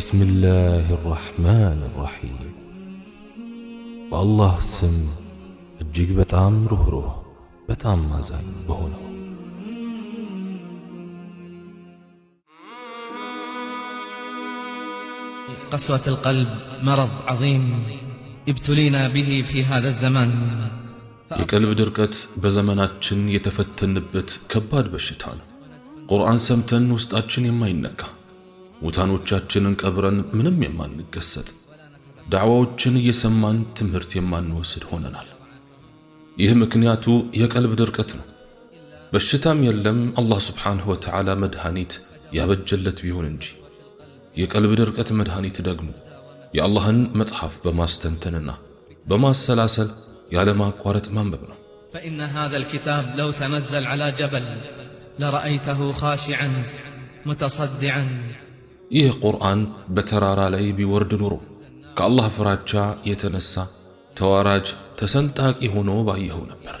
بسم الله الرحማን በአላህ ስም እጅግ በጣም ሩህሩህ በጣም አዛኝ በሆነው قسوة القلب مرض عظيم ابتلينا به في هذا الزمان የቀልብ ድርቀት በዘመናችን የተፈተንበት ከባድ በሽታ ነው። ቁርአን ሰምተን ውስጣችን የማይነካ ሙታኖቻችንን ቀብረን ምንም የማንገሰጥ ዳዕዋዎችን እየሰማን ትምህርት የማንወስድ ሆነናል። ይህ ምክንያቱ የቀልብ ድርቀት ነው። በሽታም የለም አላህ ስብሓንሁ ወተዓላ መድኃኒት ያበጀለት ቢሆን እንጂ የቀልብ ድርቀት መድኃኒት ደግሞ የአላህን መጽሐፍ በማስተንተንና በማሰላሰል ያለማቋረጥ ማንበብ ነው። ፈኢነ ሃዘል ኪታብ ለው ተነዘል ዐላ ጀበል ለረአይተሁ ኻሺዐን ሙተሰዲዐን ይህ ቁርአን በተራራ ላይ ቢወርድ ኑሮ ከአላህ ፍራቻ የተነሳ ተዋራጅ ተሰንጣቂ ሆኖ ባየኸው ነበር።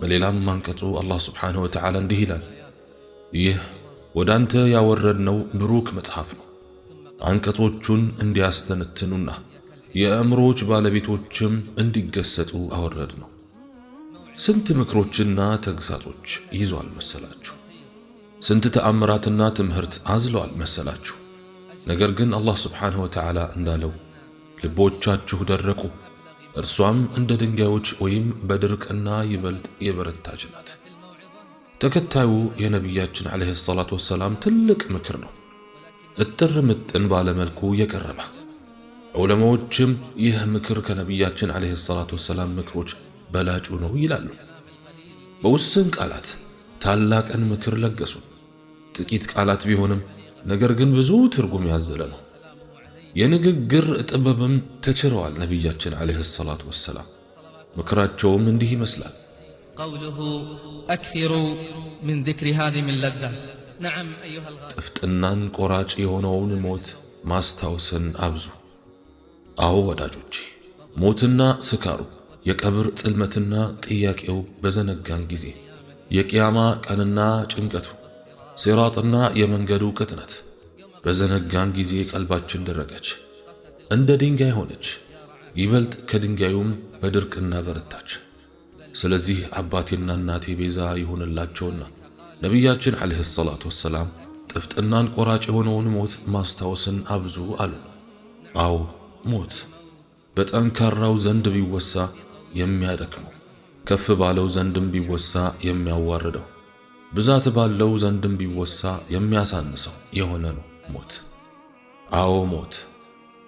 በሌላም አንቀጹ አላህ ስብሓንሁ ወተዓላ እንዲህ ይላል፣ ይህ ወደ አንተ ያወረድነው ብሩክ መጽሐፍ ነው። አንቀጾቹን እንዲያስተነትኑና የአእምሮዎች ባለቤቶችም እንዲገሰጡ አወረድ ነው። ስንት ምክሮችና ተግሳጾች ይዟል መሰላችሁ? ስንት ተአምራትና ትምህርት አዝለዋል መሰላችሁ። ነገር ግን አላህ ስብሓንሁ ወተዓላ እንዳለው ልቦቻችሁ ደረቁ፣ እርሷም እንደ ድንጋዮች ወይም በድርቅና ይበልጥ የበረታች ናት። ተከታዩ የነቢያችን ዓለይሂ ሰላቱ ወሰላም ትልቅ ምክር ነው፣ እጥር ምጥን ባለመልኩ የቀረበ ዑለማዎችም ይህ ምክር ከነቢያችን ዓለይሂ ሰላቱ ወሰላም ምክሮች በላጩ ነው ይላሉ። በውስን ቃላት ታላቅን ምክር ለገሱ። ጥቂት ቃላት ቢሆንም ነገር ግን ብዙ ትርጉም ያዘለ ነው። የንግግር ጥበብም ተችረዋል ነቢያችን ዓለይሂ ሰላቱ ወሰላም። ምክራቸውም እንዲህ ይመስላል። ቀውሉሁ አክሲሩ ምን ዚክሪ ሃዚ ምን ለዛ ጥፍጥናን ቆራጭ የሆነውን ሞት ማስታወስን አብዙ። አዎ ወዳጆቼ፣ ሞትና ስካሩ፣ የቀብር ጽልመትና ጥያቄው በዘነጋን ጊዜ፣ የቅያማ ቀንና ጭንቀቱ ሲራጥና የመንገዱ ቅጥነት። በዘነጋን ጊዜ ቀልባችን ደረቀች፣ እንደ ድንጋይ ሆነች፣ ይበልጥ ከድንጋዩም በድርቅና በረታች። ስለዚህ አባቴና እናቴ ቤዛ ይሆንላቸውና ነቢያችን ዓለይሂ ሰላቱ ወሰላም ጥፍጥናን ቆራጭ የሆነውን ሞት ማስታወስን አብዙ አሉ። አዎ ሞት በጠንካራው ዘንድ ቢወሳ የሚያደክመው፣ ከፍ ባለው ዘንድም ቢወሳ የሚያዋርደው ብዛት ባለው ዘንድም ቢወሳ የሚያሳንሰው የሆነ ነው ሞት። አዎ ሞት፣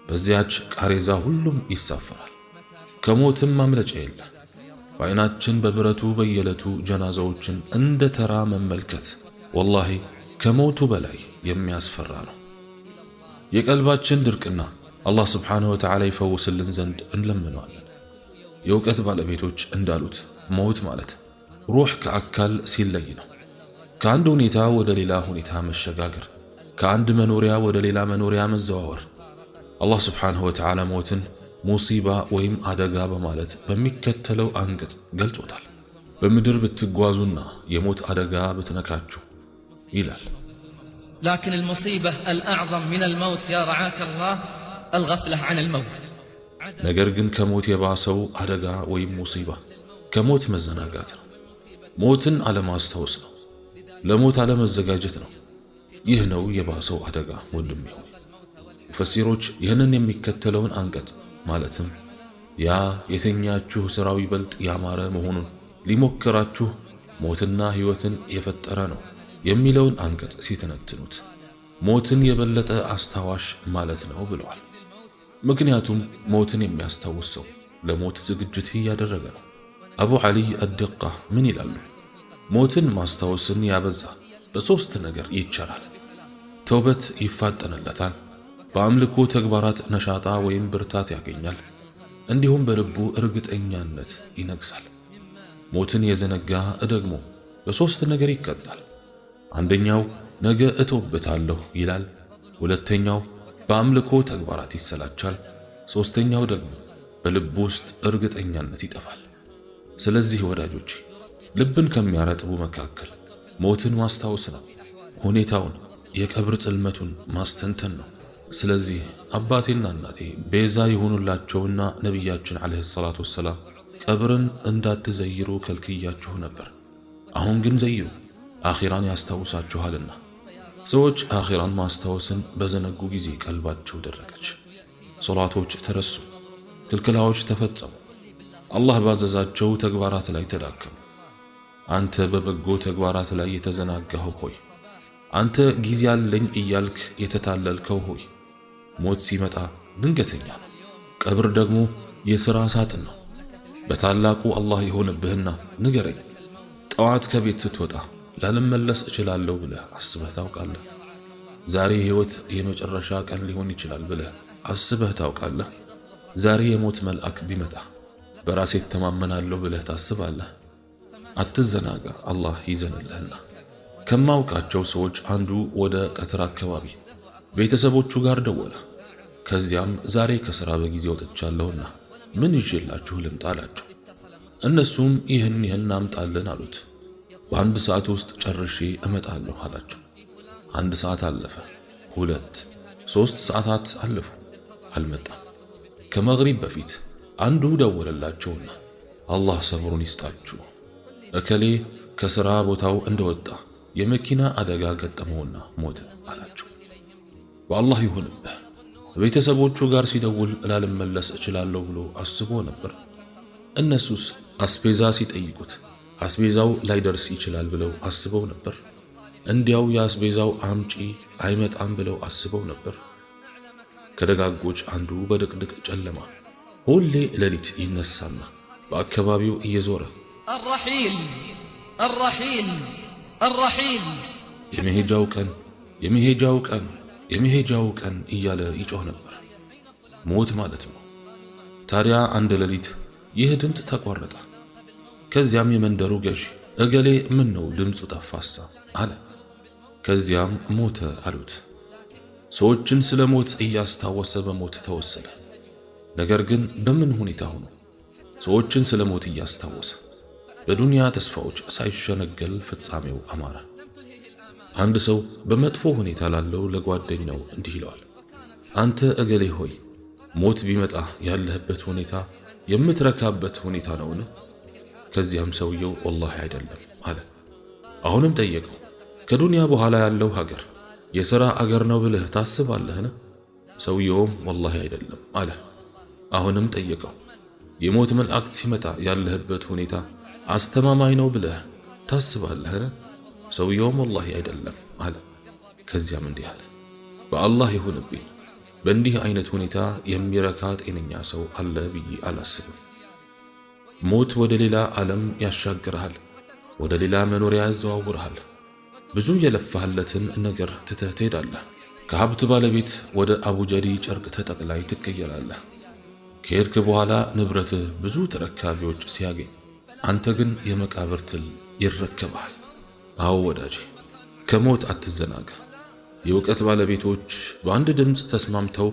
በዚያች ቃሬዛ ሁሉም ይሳፈራል። ከሞትም ማምለጫ የለ። በዓይናችን በብረቱ በየዕለቱ ጀናዛዎችን እንደ ተራ መመልከት ወላሂ ከሞቱ በላይ የሚያስፈራ ነው። የቀልባችን ድርቅና አላህ ስብሓንሁ ወተዓላ ይፈውስልን ዘንድ እንለምነዋለን። የእውቀት ባለቤቶች እንዳሉት ሞት ማለት ሩሕ ከአካል ሲለይ ነው። ከአንድ ሁኔታ ወደ ሌላ ሁኔታ መሸጋገር፣ ከአንድ መኖሪያ ወደ ሌላ መኖሪያ መዘዋወር። አላህ ስብሓንሁ ወተዓላ ሞትን ሙሲባ ወይም አደጋ በማለት በሚከተለው አንቀጽ ገልጾታል። በምድር ብትጓዙና የሞት አደጋ ብትነካችሁ ይላል። ላኪን አልሙሲባ አልአዕዘም ሚን አልመውት ያ ረዓከ አላህ አልገፍላ ዐን አልመውት። ነገር ግን ከሞት የባሰው አደጋ ወይም ሙሲባ ከሞት መዘናጋት ነው፣ ሞትን አለማስታወስ ነው። ለሞት አለመዘጋጀት ነው። ይህ ነው የባሰው አደጋ ወንድም ሆይ። ሙፈሲሮች ይህንን የሚከተለውን አንቀጽ ማለትም ያ የተኛችሁ ሥራው ይበልጥ ያማረ መሆኑን ሊሞክራችሁ ሞትና ሕይወትን የፈጠረ ነው የሚለውን አንቀጽ ሲተነትኑት ሞትን የበለጠ አስታዋሽ ማለት ነው ብለዋል። ምክንያቱም ሞትን የሚያስታውስ ሰው ለሞት ዝግጅት እያደረገ ነው። አቡ ዓሊይ አደቃ ምን ይላሉ? ሞትን ማስታወስን ያበዛል። በሦስት ነገር ይቻላል። ተውበት ይፋጠንለታል። በአምልኮ ተግባራት ነሻጣ ወይም ብርታት ያገኛል። እንዲሁም በልቡ እርግጠኛነት ይነግሳል። ሞትን የዘነጋ ደግሞ በሦስት ነገር ይቀጣል። አንደኛው ነገ እተውበታለሁ ይላል። ሁለተኛው በአምልኮ ተግባራት ይሰላቻል። ሦስተኛው ደግሞ በልቡ ውስጥ እርግጠኛነት ይጠፋል። ስለዚህ ወዳጆቼ ልብን ከሚያረጥቡ መካከል ሞትን ማስታወስ ነው። ሁኔታውን የቀብር ጽልመቱን ማስተንተን ነው። ስለዚህ አባቴና እናቴ ቤዛ የሆኑላቸውና ነቢያችን ዓለይሂ ሰላቱ ወሰላም ቀብርን እንዳትዘይሩ ከልክያችሁ ነበር። አሁን ግን ዘይሩ፣ አኼራን ያስታውሳችኋልና። ሰዎች አኼራን ማስታወስን በዘነጉ ጊዜ ቀልባቸው ደረቀች። ሶላቶች ተረሱ፣ ክልክላዎች ተፈጸሙ፣ አላህ ባዘዛቸው ተግባራት ላይ ተዳከሙ። አንተ በበጎ ተግባራት ላይ የተዘናጋኸው ሆይ፣ አንተ ጊዜ አለኝ እያልክ የተታለልከው ሆይ፣ ሞት ሲመጣ ድንገተኛ ነው። ቀብር ደግሞ የሥራ ሳጥን ነው። በታላቁ አላህ የሆነብህና ንገረኝ፣ ጠዋት ከቤት ስትወጣ ላልመለስ እችላለሁ ብለህ አስበህ ታውቃለህ? ዛሬ ሕይወት የመጨረሻ ቀን ሊሆን ይችላል ብለህ አስበህ ታውቃለህ? ዛሬ የሞት መልአክ ቢመጣ በራሴ እተማመናለሁ ብለህ ታስባለህ? አትዘናጋ፣ አላህ ይዘንልህና። ከማውቃቸው ሰዎች አንዱ ወደ ቀትር አካባቢ ቤተሰቦቹ ጋር ደወለ። ከዚያም ዛሬ ከሥራ በጊዜ ወጥቻለሁና ምን ይዤላችሁ ልምጣ አላቸው። እነሱም ይህን ይህን አምጣልን አሉት። በአንድ ሰዓት ውስጥ ጨርሼ እመጣለሁ አላቸው። አንድ ሰዓት አለፈ፣ ሁለት ሦስት ሰዓታት አለፉ፣ አልመጣም። ከመግሪብ በፊት አንዱ ደወለላቸውና አላህ ሰብሩን ይስጣችሁ እከሌ ከሥራ ቦታው እንደወጣ የመኪና አደጋ ገጠመውና ሞተ አላቸው። በአላህ ይሁንብህ። ቤተሰቦቹ ጋር ሲደውል ላልመለስ እችላለሁ ብሎ አስቦ ነበር። እነሱስ አስቤዛ ሲጠይቁት አስቤዛው ላይደርስ ይችላል ብለው አስበው ነበር። እንዲያው የአስቤዛው አምጪ አይመጣም ብለው አስበው ነበር። ከደጋጎች አንዱ በድቅድቅ ጨለማ ሁሌ ሌሊት ይነሳና በአካባቢው እየዞረ አራሒል አራሒል አራሒል የመሄጃው ቀን የመሄጃው ቀን የመሄጃው ቀን እያለ ይጮህ ነበር። ሞት ማለት ነው። ታዲያ አንድ ሌሊት ይህ ድምፅ ተቋረጠ። ከዚያም የመንደሩ ገዢ እገሌ ምን ነው ድምፁ ጠፋሳ? አለ። ከዚያም ሞተ አሉት። ሰዎችን ስለ ሞት እያስታወሰ በሞት ተወሰነ። ነገር ግን በምን ሁኔታ ሆኖ ሰዎችን ስለ ሞት እያስታወሰ በዱንያ ተስፋዎች ሳይሸነገል ፍጻሜው አማረ። አንድ ሰው በመጥፎ ሁኔታ ላለው ለጓደኛው እንዲህ ይለዋል፣ አንተ እገሌ ሆይ ሞት ቢመጣ ያለህበት ሁኔታ የምትረካበት ሁኔታ ነውን? ከዚያም ሰውየው ወላሂ አይደለም አለ። አሁንም ጠየቀው፣ ከዱንያ በኋላ ያለው ሀገር የሥራ አገር ነው ብለህ ታስባለህን? ሰውየውም ወላሂ አይደለም አለ። አሁንም ጠየቀው፣ የሞት መልአክት ሲመጣ ያለህበት ሁኔታ አስተማማኝ ነው ብለህ ታስባለህን? ሰውየውም ወላሂ አይደለም አለ። ከዚያም እንዲህ አለ፣ በአላህ ይሁንብኝ በእንዲህ አይነት ሁኔታ የሚረካ ጤነኛ ሰው አለ ብዬ አላስብም። ሞት ወደ ሌላ ዓለም ያሻግርሃል፣ ወደ ሌላ መኖሪያ ያዘዋውርሃል። ብዙ የለፋህለትን ነገር ትተህ ትሄዳለህ። ከሀብት ባለቤት ወደ አቡጀዲ ጨርቅ ተጠቅላይ ትቀየራለህ። ከሄድክ በኋላ ንብረትህ ብዙ ተረካቢዎች ሲያገኝ አንተ ግን የመቃብር ትል ይረከብሃል። አዎ ወዳጄ ከሞት አትዘናጋ። የእውቀት ባለቤቶች በአንድ ድምፅ ተስማምተው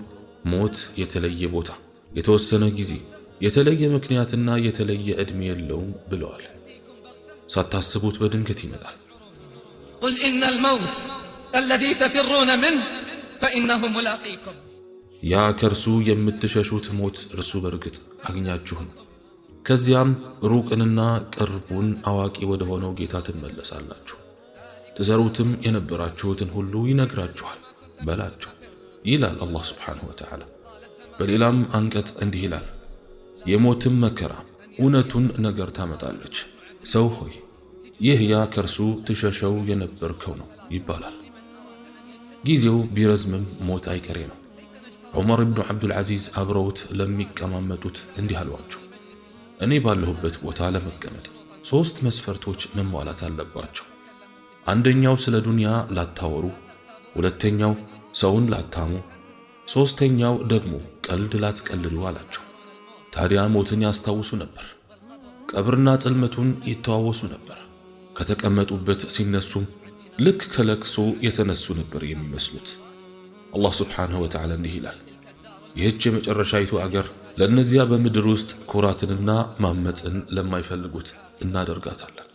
ሞት የተለየ ቦታ፣ የተወሰነ ጊዜ፣ የተለየ ምክንያትና የተለየ ዕድሜ የለውም ብለዋል። ሳታስቡት በድንገት ይመጣል። ቁል ኢነል መውት አለዚ ተፊሩነ ምንህ ፈኢነሁ ሙላቂኩም ያ ከእርሱ የምትሸሹት ሞት እርሱ በእርግጥ አግኛችሁ ነው ከዚያም ሩቅንና ቅርቡን አዋቂ ወደ ሆነው ጌታ ትመለሳላችሁ። ትሰሩትም የነበራችሁትን ሁሉ ይነግራችኋል በላቸው ይላል አላህ ሱብሓነሁ ወተዓላ። በሌላም አንቀጽ እንዲህ ይላል፣ የሞትም መከራ እውነቱን ነገር ታመጣለች። ሰው ሆይ ይህ ያ ከእርሱ ትሸሸው የነበርከው ነው ይባላል። ጊዜው ቢረዝምም ሞት አይቀሬ ነው። ዑመር ብኑ ዓብዱልዓዚዝ አብረውት ለሚቀማመጡት እንዲህ አሏቸው እኔ ባለሁበት ቦታ ለመቀመጥ ሶስት መስፈርቶች መሟላት አለባቸው። አንደኛው ስለ ዱንያ ላታወሩ፣ ሁለተኛው ሰውን ላታሙ፣ ሶስተኛው ደግሞ ቀልድ ላትቀልዱ አላቸው። ታዲያ ሞትን ያስታውሱ ነበር፣ ቀብርና ጽልመቱን ይተዋወሱ ነበር። ከተቀመጡበት ሲነሱም ልክ ከለቅሶ የተነሱ ነበር የሚመስሉት። አላህ ስብሓንሁ ወተዓላ እንዲህ ይላል፣ ይህች የመጨረሻይቱ አገር ለእነዚያ በምድር ውስጥ ኩራትንና ማመፅን ለማይፈልጉት እናደርጋታለን።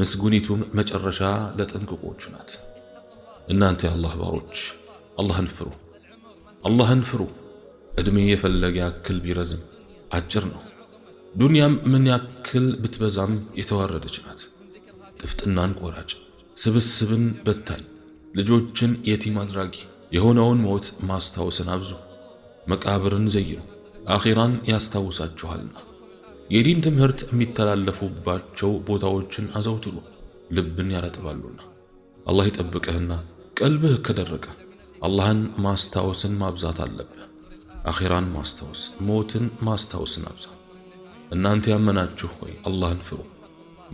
ምስጉኒቱም መጨረሻ ለጥንቅቆቹ ናት። እናንተ የአላህ ባሮች አላህን ፍሩ፣ አላህን ፍሩ። ዕድሜ የፈለገ ያክል ቢረዝም አጭር ነው። ዱንያም ምን ያክል ብትበዛም የተዋረደች ናት። ጥፍጥናን ቆራጭ፣ ስብስብን በታኝ፣ ልጆችን የቲም አድራጊ የሆነውን ሞት ማስታወስን አብዙ፣ መቃብርን ዘይሩ። አኺራን ያስታውሳችኋልና። የዲን ትምህርት የሚተላለፉባቸው ቦታዎችን አዘውትሩ፣ ልብን ያረጥባሉና። አላህ ይጠብቅህና ቀልብህ ከደረቀ አላህን ማስታወስን ማብዛት አለብህ። አኺራን ማስታወስ፣ ሞትን ማስታወስን አብዛ። እናንተ ያመናችሁ ሆይ አላህን ፍሩ።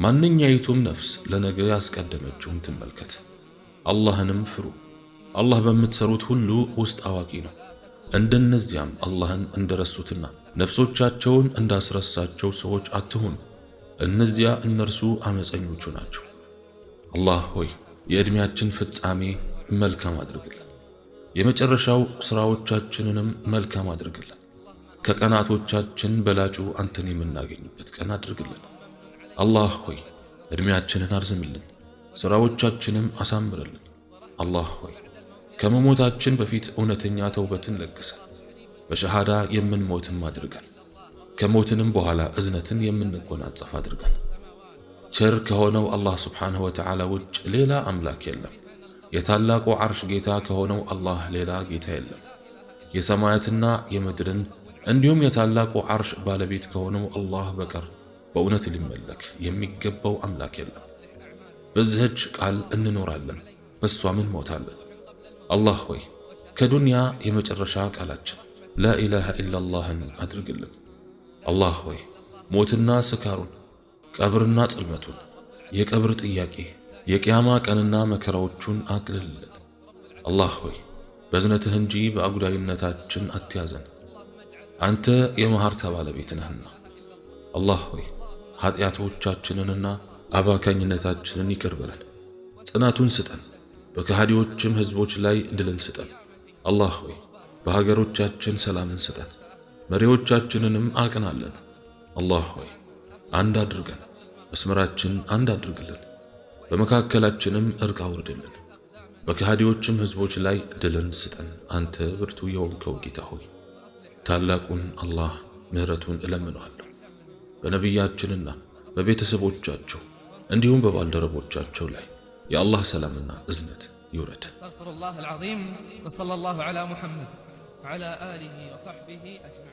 ማንኛይቱም ነፍስ ለነገ ያስቀደመችውን ትመልከት። አላህንም ፍሩ። አላህ በምትሰሩት ሁሉ ውስጥ አዋቂ ነው። እንደነዚያም አላህን እንደረሱትና ነፍሶቻቸውን እንዳስረሳቸው ሰዎች አትሁን። እነዚያ እነርሱ አመፀኞቹ ናቸው። አላህ ሆይ የዕድሜያችን ፍጻሜ መልካም አድርግልን፣ የመጨረሻው ሥራዎቻችንንም መልካም አድርግልን። ከቀናቶቻችን በላጩ አንተን የምናገኝበት ቀን አድርግልን። አላህ ሆይ ዕድሜያችንን አርዝምልን፣ ሥራዎቻችንም አሳምርልን። አላህ ሆይ ከመሞታችን በፊት እውነተኛ ተውበትን ለግሰን በሸሃዳ የምንሞትም አድርገን ከሞትንም በኋላ እዝነትን የምንጎናጸፍ አድርገን። ቸር ከሆነው አላህ ስብሓንሁ ወተዓላ ውጭ ሌላ አምላክ የለም። የታላቁ ዐርሽ ጌታ ከሆነው አላህ ሌላ ጌታ የለም። የሰማያትና የምድርን እንዲሁም የታላቁ ዐርሽ ባለቤት ከሆነው አላህ በቀር በእውነት ሊመለክ የሚገባው አምላክ የለም። በዚህች ቃል እንኖራለን፣ በእሷም እንሞታለን። አላህ ሆይ ከዱንያ የመጨረሻ ቃላችን ላኢላሃ ኢላላህን አድርግልን። አላህ ሆይ ሞትና ስካሩን፣ ቀብርና ጽልመቱን፣ የቀብር ጥያቄ፣ የቅያማ ቀንና መከራዎቹን አቅልልን። አላህ ሆይ በዝነትህ እንጂ በአጉዳይነታችን አትያዘን፣ አንተ የመሐርታ ባለቤት ነህና። አላህ ሆይ ኃጢአቶቻችንንና አባካኝነታችንን ይቅር በለን፣ ጽናቱን ስጠን። በከሃዲዎችም ህዝቦች ላይ ድልን ስጠን። አላህ ሆይ በሀገሮቻችን ሰላምን ስጠን፣ መሪዎቻችንንም አቅናለን። አላህ ሆይ አንድ አድርገን፣ መስመራችን አንድ አድርግልን፣ በመካከላችንም እርቅ አውርድልን። በከሃዲዎችም ህዝቦች ላይ ድልን ስጠን። አንተ ብርቱ የሆንከው ጌታ ሆይ ታላቁን አላህ ምህረቱን እለምነዋለሁ። በነቢያችንና በቤተሰቦቻቸው እንዲሁም በባልደረቦቻቸው ላይ يا الله سلامنا إزنت يورد استغفر الله العظيم وصلى الله على محمد وعلى آله وصحبه أجمعين